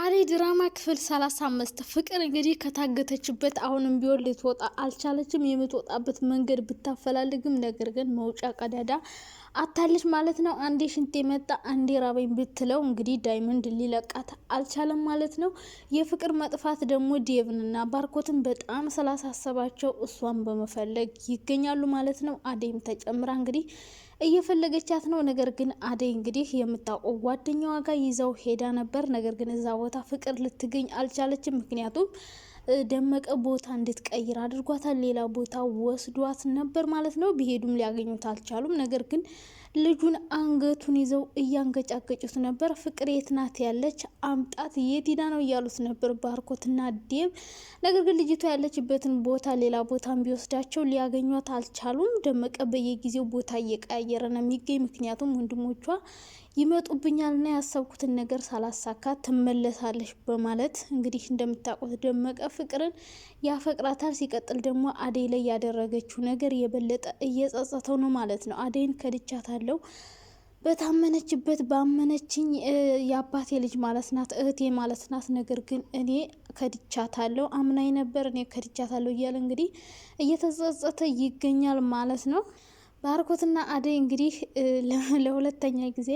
አደይ ድራማ ክፍል ሰላሳ አምስት ፍቅር እንግዲህ ከታገተችበት አሁንም ቢሆን ልትወጣ አልቻለችም። የምትወጣበት መንገድ ብታፈላልግም ነገር ግን መውጫ ቀዳዳ አታለች ማለት ነው። አንዴ ሽንቴ መጣ አንዴ ራበኝ ብትለው እንግዲህ ዳይመንድ ሊለቃት አልቻለም ማለት ነው። የፍቅር መጥፋት ደግሞ ዴቭንና ባርኮትን በጣም ስላሳሰባቸው እሷን በመፈለግ ይገኛሉ ማለት ነው። አደይም ተጨምራ እንግዲህ እየፈለገቻት ነው። ነገር ግን አደይ እንግዲህ የምታውቀው ጓደኛዋ ጋር ይዘው ሄዳ ነበር። ነገር ግን እዛ ቦታ ፍቅር ልትገኝ አልቻለችም። ምክንያቱም ደመቀ ቦታ እንድትቀይር አድርጓታል። ሌላ ቦታ ወስዷት ነበር ማለት ነው። ቢሄዱም ሊያገኙት አልቻሉም። ነገር ግን ልጁን አንገቱን ይዘው እያንገጫገጩት ነበር። ፍቅር የት ናት ያለች አምጣት፣ የት ነው እያሉት ነበር ባርኮትና ዴብ። ነገር ግን ልጅቷ ያለችበትን ቦታ ሌላ ቦታ ቢወስዳቸው ሊያገኟት አልቻሉም። ደመቀ በየጊዜው ቦታ እየቀያየረ ነው የሚገኝ ምክንያቱም ወንድሞቿ ይመጡብኛልና ያሰብኩትን ነገር ሳላሳካ ትመለሳለች በማለት እንግዲህ እንደምታውቁት ደመቀ ፍቅርን ያፈቅራታል። ሲቀጥል ደግሞ አደይ ላይ ያደረገችው ነገር የበለጠ እየጸጸተው ነው ማለት ነው። አደይን ከድቻታለሁ በታመነችበት ባመነችኝ የአባቴ ልጅ ማለት ናት እህቴ ማለት ናት። ነገር ግን እኔ ከድቻታለሁ፣ አምናኝ ነበር እኔ ከድቻታለሁ እያለ እንግዲህ እየተጸጸተ ይገኛል ማለት ነው። ባርኮትና አደይ እንግዲህ ለሁለተኛ ጊዜ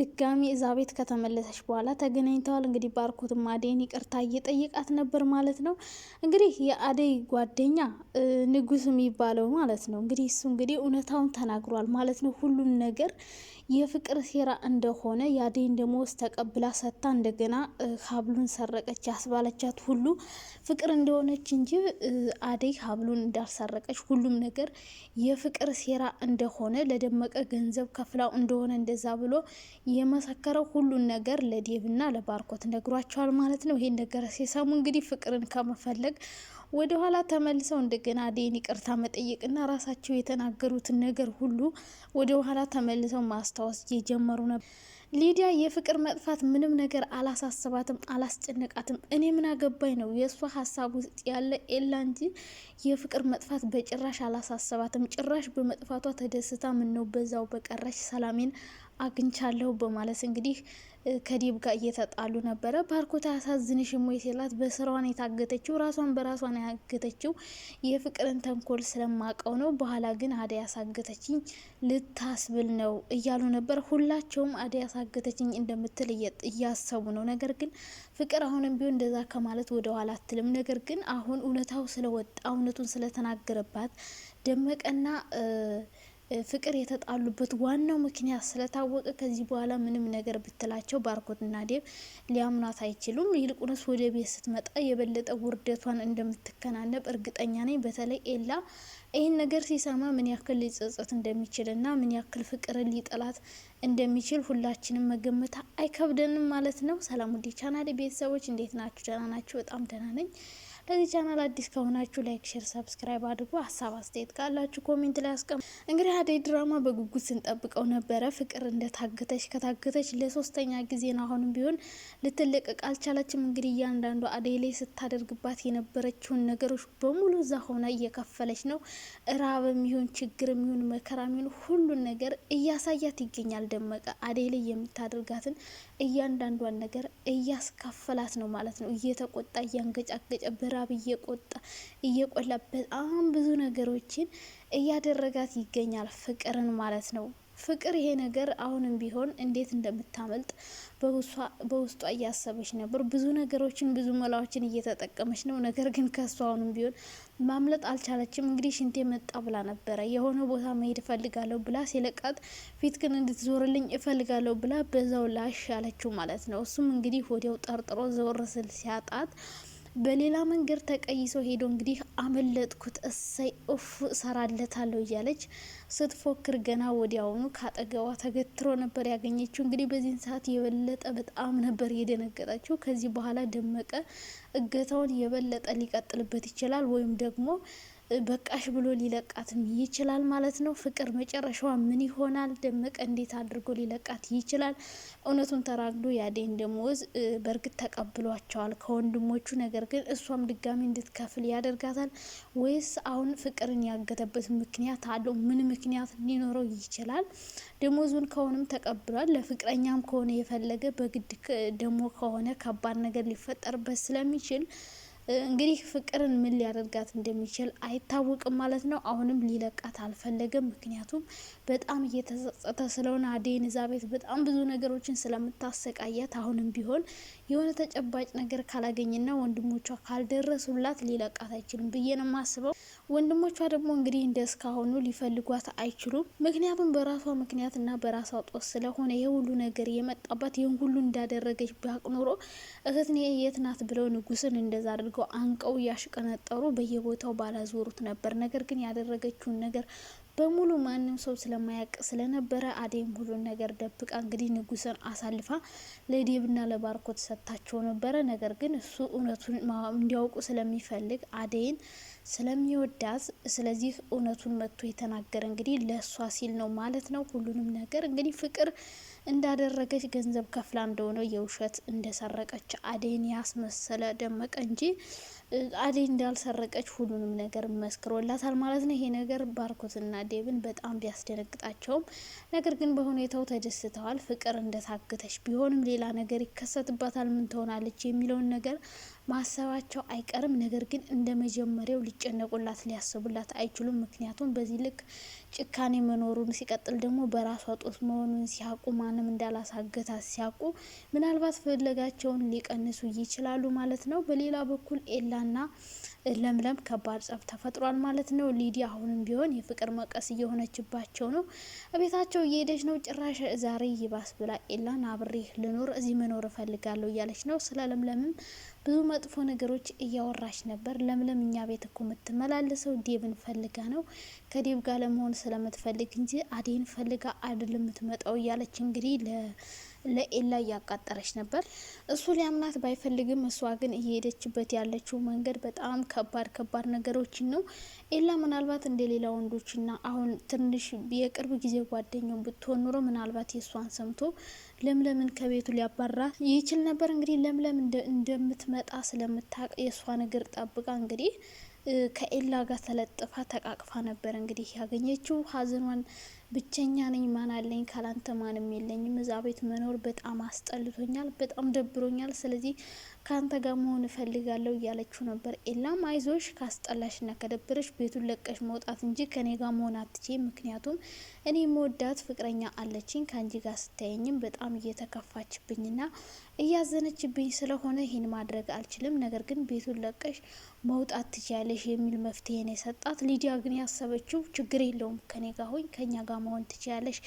ድጋሚ እዛ ቤት ከተመለሰች በኋላ ተገናኝተዋል። እንግዲህ ባርኮትም አደይን ይቅርታ እየጠየቃት ነበር ማለት ነው። እንግዲህ የአደይ ጓደኛ ንጉስ የሚባለው ማለት ነው እንግዲህ እሱ እንግዲህ እውነታውን ተናግሯል ማለት ነው። ሁሉም ነገር የፍቅር ሴራ እንደሆነ የአደይን ደሞዝ ተቀብላ ሰታ እንደገና ሀብሉን ሰረቀች ያስባለቻት ሁሉ ፍቅር እንደሆነች እንጂ አደይ ሀብሉን እንዳልሰረቀች ሁሉም ነገር የፍቅር ሴራ እንደሆነ ለደመቀ ገንዘብ ከፍላው እንደሆነ እንደዛ ብሎ የመሰከረው ሁሉን ነገር ለዴቭና ለባርኮት ነግሯቸዋል ማለት ነው። ይሄን ነገር ሲሰሙ እንግዲህ ፍቅርን ከመፈለግ ወደኋላ ተመልሰው እንደገና አዴን ይቅርታ መጠየቅና ራሳቸው የተናገሩትን ነገር ሁሉ ወደኋላ ተመልሰው ማስታወስ የጀመሩ ነበር። ሊዲያ የፍቅር መጥፋት ምንም ነገር አላሳስባትም፣ አላስጨነቃትም። እኔ ምን አገባኝ ነው የእሷ ሀሳብ ውስጥ ያለ ኤላ እንጂ የፍቅር መጥፋት በጭራሽ አላሳስባትም። ጭራሽ በመጥፋቷ ተደስታ ምነው በዛው በቀረች ሰላሜን አግኝቻለሁ በማለት እንግዲህ ከዲብ ጋር እየተጣሉ ነበረ። ባርኮት አያሳዝንሽም ወይ ሲላት በስራዋን የታገተችው ራሷን በራሷን ያገተችው የፍቅርን ተንኮል ስለማቀው ነው። በኋላ ግን አደይ ያሳገተችኝ ልታስብል ነው እያሉ ነበር። ሁላቸውም አደይ ያሳገተችኝ እንደምትል እያሰቡ ነው። ነገር ግን ፍቅር አሁንም ቢሆን እንደዛ ከማለት ወደኋላ አትልም። ነገር ግን አሁን እውነታው ስለወጣ እውነቱን ስለተናገረባት ደመቀና ፍቅር የተጣሉበት ዋናው ምክንያት ስለታወቀ ከዚህ በኋላ ምንም ነገር ብትላቸው ባርኮትና ዴብ ሊያምኗት አይችሉም። ይልቁንስ ወደ ቤት ስትመጣ የበለጠ ውርደቷን እንደምትከናነብ እርግጠኛ ነኝ። በተለይ ኤላ ይህን ነገር ሲሰማ ምን ያክል ሊጸጸት እንደሚችልና ምን ያክል ፍቅርን ሊጠላት እንደሚችል ሁላችንም መገመት አይከብደንም ማለት ነው። ሰላም ውዴ ቻናሌ ቤተሰቦች እንዴት ናችሁ? ደህና ናችሁ? በጣም ደህና ነኝ። ለዚህ ቻናል አዲስ ከሆናችሁ ላይክ፣ ሼር፣ ሰብስክራይብ አድርጉ። ሀሳብ አስተያየት ካላችሁ ኮሜንት ላይ አስቀምጡ። እንግዲህ አደይ ድራማ በጉጉት ስንጠብቀው ነበረ። ፍቅር እንደታገተች ከታገተች ለሶስተኛ ጊዜ ነው። አሁንም ቢሆን ልትለቀቅ አልቻለችም። እንግዲህ እያንዳንዱ አደይ ላይ ስታደርግባት የነበረችውን ነገሮች በሙሉ እዛ ሆና እየከፈለች ነው። ራብ ይሁን ችግርም ይሁን መከራም ይሁን ሁሉን ነገር እያሳያት ይገኛል። ደመቀ አደይ ላይ የምታደርጋትን እያንዳንዷን ነገር እያስካፈላት ነው ማለት ነው። እየተቆጣ እያንገጫገጨ ብራብ እየቆጣ እየቆላ በጣም ብዙ ነገሮችን እያደረጋት ይገኛል ፍቅርን ማለት ነው። ፍቅር ይሄ ነገር አሁንም ቢሆን እንዴት እንደምታመልጥ በውስጧ እያሰበች ነበር። ብዙ ነገሮችን ብዙ መላዎችን እየተጠቀመች ነው። ነገር ግን ከሱ አሁንም ቢሆን ማምለጥ አልቻለችም። እንግዲህ ሽንቴ መጣ ብላ ነበረ። የሆነ ቦታ መሄድ እፈልጋለሁ ብላ ሲለቃት ፊት ግን እንድትዞርልኝ እፈልጋለሁ ብላ በዛው ላሽ አለችው ማለት ነው። እሱም እንግዲህ ወዲያው ጠርጥሮ ዘወር ስል ሲያጣት በሌላ መንገድ ተቀይሶ ሄዶ እንግዲህ አመለጥኩት እሰይ እፍ እሰራለታለሁ እያለች ስትፎክር ገና ወዲያውኑ ካጠገቧ ተገትሮ ነበር ያገኘችው። እንግዲህ በዚህን ሰዓት የበለጠ በጣም ነበር የደነገጠችው። ከዚህ በኋላ ደመቀ እገታውን የበለጠ ሊቀጥልበት ይችላል ወይም ደግሞ በቃሽ ብሎ ሊለቃትም ይችላል ማለት ነው። ፍቅር መጨረሻዋ ምን ይሆናል? ደመቀ እንዴት አድርጎ ሊለቃት ይችላል? እውነቱን ተራግዶ ያዴን ደሞዝ በእርግጥ ተቀብሏቸዋል ከወንድሞቹ። ነገር ግን እሷም ድጋሚ እንድትከፍል ያደርጋታል ወይስ አሁን ፍቅርን ያገተበት ምክንያት አለው? ምን ምክንያት ሊኖረው ይችላል? ደሞዙን ከሆንም ተቀብሏል። ለፍቅረኛም ከሆነ የፈለገ በግድ ደግሞ ከሆነ ከባድ ነገር ሊፈጠርበት ስለሚችል እንግዲህ ፍቅርን ምን ሊያደርጋት እንደሚችል አይታወቅም ማለት ነው። አሁንም ሊለቃት አልፈለገም። ምክንያቱም በጣም እየተጸጸተ ስለሆነ አዴን እዛ ቤት በጣም ብዙ ነገሮችን ስለምታሰቃያት አሁንም ቢሆን የሆነ ተጨባጭ ነገር ካላገኝና ወንድሞቿ ካልደረሱላት ሊለቃት አይችልም ብዬ ነው የማስበው። ወንድሞቿ ደግሞ እንግዲህ እንደ እስካሁኑ ሊፈልጓት አይችሉም። ምክንያቱም በራሷ ምክንያትና በራሷ ጦስ ስለሆነ ይህ ሁሉ ነገር የመጣባት ይህን ሁሉ እንዳደረገች ቢያቅ ኖሮ እህት የት ናት ብለው ንጉስን እንደዛ አድርገው አንቀው እያሽቀነጠሩ በየቦታው ባላዞሩት ነበር። ነገር ግን ያደረገችውን ነገር በሙሉ ማንም ሰው ስለማያውቅ ስለነበረ አደይም ሁሉን ነገር ደብቃ እንግዲህ ንጉስን አሳልፋ ለዴብና ለባርኮት ሰጥታቸው ነበረ። ነገር ግን እሱ እውነቱን እንዲያውቁ ስለሚፈልግ አደይን ስለሚወዳት፣ ስለዚህ እውነቱን መጥቶ የተናገረ እንግዲህ ለእሷ ሲል ነው ማለት ነው። ሁሉንም ነገር እንግዲህ ፍቅር እንዳደረገች ገንዘብ ከፍላ እንደሆነ የውሸት እንደሰረቀች አዴን ያስመሰለ ደመቀ እንጂ አዴን እንዳልሰረቀች ሁሉንም ነገር መስክሮላታል ማለት ነው። ይሄ ነገር ባርኮትና ዴብን በጣም ቢያስደነግጣቸውም ነገር ግን በሁኔታው ተደስተዋል። ፍቅር እንደታገተች ቢሆንም ሌላ ነገር ይከሰትባታል፣ ምን ትሆናለች የሚለውን ነገር ማሰባቸው አይቀርም። ነገር ግን እንደ መጀመሪያው ሊጨነቁላት ሊያስቡላት አይችሉም። ምክንያቱም በዚህ ልክ ጭካኔ መኖሩን ሲቀጥል ደግሞ በራሷ ጦስ መሆኑን ሲያውቁ ማንም እንዳላሳገታት ሲያውቁ ምናልባት ፍለጋቸውን ሊቀንሱ ይችላሉ ማለት ነው። በሌላ በኩል ኤላና ለምለም ከባድ ጸብ ተፈጥሯል ማለት ነው። ሊዲ አሁንም ቢሆን የፍቅር መቀስ እየሆነችባቸው ነው። ቤታቸው እየሄደች ነው። ጭራሽ ዛሬ ይባስ ብላ ኤላን አብሬ ልኖር እዚህ መኖር እፈልጋለሁ እያለች ነው። ስለ ለምለምም ብዙ መጥፎ ነገሮች እያወራች ነበር። ለምለም እኛ ቤት እኮ የምትመላለሰው ዴብን ፈልጋ ነው፣ ከዴብ ጋር ለመሆን ስለምትፈልግ እንጂ አዴን ፈልጋ አይደለም የምትመጣው እያለች እንግዲህ ለኤላ እያቃጠረች ነበር። እሱ ሊያምናት ባይፈልግም እሷ ግን እየሄደችበት ያለችው መንገድ በጣም ከባድ ከባድ ነገሮችን ነው። ኤላ ምናልባት እንደ ሌላ ወንዶችና አሁን ትንሽ የቅርብ ጊዜ ጓደኛው ብትሆን ኑሮ ምናልባት የእሷን ሰምቶ ለምለምን ከቤቱ ሊያባራ ይችል ነበር። እንግዲህ ለምለም እንደምትመጣ ስለምታቅ የእሷን እግር ጠብቃ እንግዲህ ከኤላ ጋር ተለጥፋ ተቃቅፋ ነበር እንግዲህ ያገኘችው ሀዘኗን ብቸኛ ነኝ ማን አለኝ ካላንተ ማንም የለኝም እዛ ቤት መኖር በጣም አስጠልቶኛል በጣም ደብሮኛል ስለዚህ ከአንተ ጋር መሆን እፈልጋለሁ እያለችው ነበር። ኤላም አይዞሽ፣ ና ከደብረሽ ቤቱን ለቀሽ መውጣት እንጂ ከኔ ጋር መሆን አትቼ፣ ምክንያቱም እኔ መወዳት ፍቅረኛ አለችኝ። ከአንጂ ጋር ስታየኝም በጣም እየተከፋችብኝና እያዘነችብኝ ስለሆነ ይህን ማድረግ አልችልም፣ ነገር ግን ቤቱን ለቀሽ መውጣት ትችያለሽ የሚል መፍትሄ ነው የሰጣት። ሊዲያ ግን ያሰበችው ችግር የለውም ከኔ ጋር ሆኝ ከኛ ጋር መሆን ትችያለሽ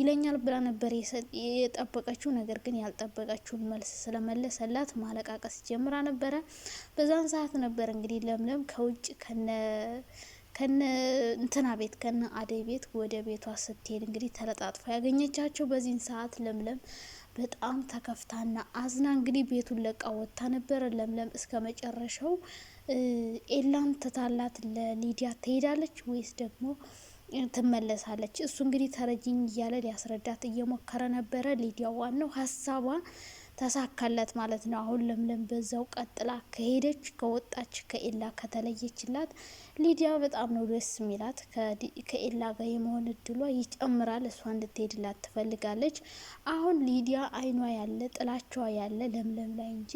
ይለኛል ብላ ነበር የጠበቀችው። ነገር ግን ያልጠበቀችውን መልስ ስለመለሰላት ማለቃቀስ ጀምራ ነበረ። በዛን ሰዓት ነበር እንግዲህ ለምለም ከውጭ ከነ ከነ እንትና ቤት ከነ አደይ ቤት ወደ ቤቷ ስትሄድ እንግዲህ ተለጣጥፎ ያገኘቻቸው። በዚህን ሰዓት ለምለም በጣም ተከፍታና አዝና እንግዲህ ቤቱን ለቃ ወጥታ ለምለም እስከ መጨረሻው ኤላን ትታላት ለሊዲያ ትሄዳለች ወይስ ደግሞ ትመለሳለች? እሱ እንግዲህ ተረጅኝ እያለ ሊያስረዳት እየሞከረ ነበረ። ሊዲያ ዋናው ሀሳቧ ተሳካላት ማለት ነው። አሁን ለምለም በዛው ቀጥላ ከሄደች ከወጣች ከኤላ ከተለየችላት ሊዲያ በጣም ነው ደስ የሚላት። ከኤላ ጋር የመሆን እድሏ ይጨምራል። እሷ እንድትሄድላት ትፈልጋለች። አሁን ሊዲያ አይኗ ያለ ጥላቸዋ ያለ ለምለም ላይ እንጂ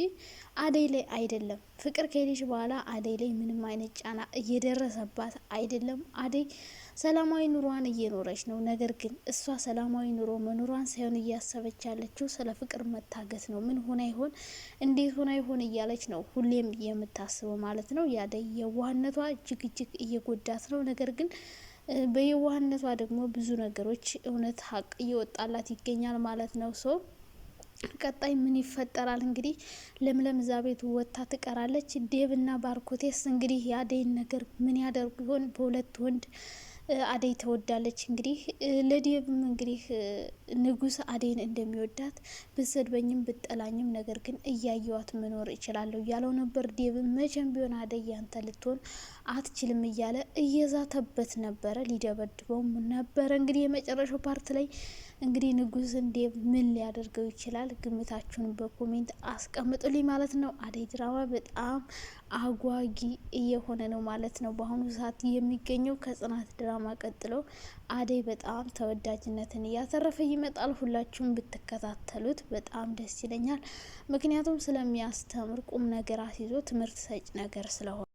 አደይ ላይ አይደለም። ፍቅር ከሄደች በኋላ አደይ ላይ ምንም አይነት ጫና እየደረሰባት አይደለም። አደይ ሰላማዊ ኑሯን እየኖረች ነው። ነገር ግን እሷ ሰላማዊ ኑሮ መኖሯን ሳይሆን እያሰበች ያለችው ስለ ፍቅር መታገት ነው። ምን ሆና ይሆን፣ እንዴት ሆና ይሆን እያለች ነው ሁሌም የምታስበው ማለት ነው። የአደይ የዋህነቷ እጅግ እጅግ እየጎዳት ነው። ነገር ግን በየዋህነቷ ደግሞ ብዙ ነገሮች እውነት ሀቅ እየወጣላት ይገኛል ማለት ነው ሰው ቀጣይ ምን ይፈጠራል? እንግዲህ ለምለም እዛ ቤት ወጥታ ትቀራለች። ዴብና ባርኮቴስ እንግዲህ የአደይን ነገር ምን ያደርጉ ይሆን? በሁለት ወንድ አደይ ተወዳለች። እንግዲህ ለዴብም እንግዲህ ንጉስ አደይን እንደሚወዳት ብሰድበኝም ብጠላኝም ነገር ግን እያየዋት መኖር እችላለሁ እያለው ነበር። ዴብም መቼም ቢሆን አደይ ያንተ ልትሆን አትችልም እያለ እየዛተበት ነበረ። ሊደበድበው ነበረ። እንግዲህ የመጨረሻው ፓርት ላይ እንግዲህ ንጉስ እንዴ ምን ሊያደርገው ይችላል? ግምታችሁን በኮሜንት አስቀምጡልኝ ማለት ነው። አደይ ድራማ በጣም አጓጊ እየሆነ ነው ማለት ነው በአሁኑ ሰዓት የሚገኘው። ከጽናት ድራማ ቀጥሎ አደይ በጣም ተወዳጅነትን እያተረፈ ይመጣል። ሁላችሁም ብትከታተሉት በጣም ደስ ይለኛል። ምክንያቱም ስለሚያስተምር ቁም ነገር አስይዞ ትምህርት ሰጭ ነገር ስለሆነ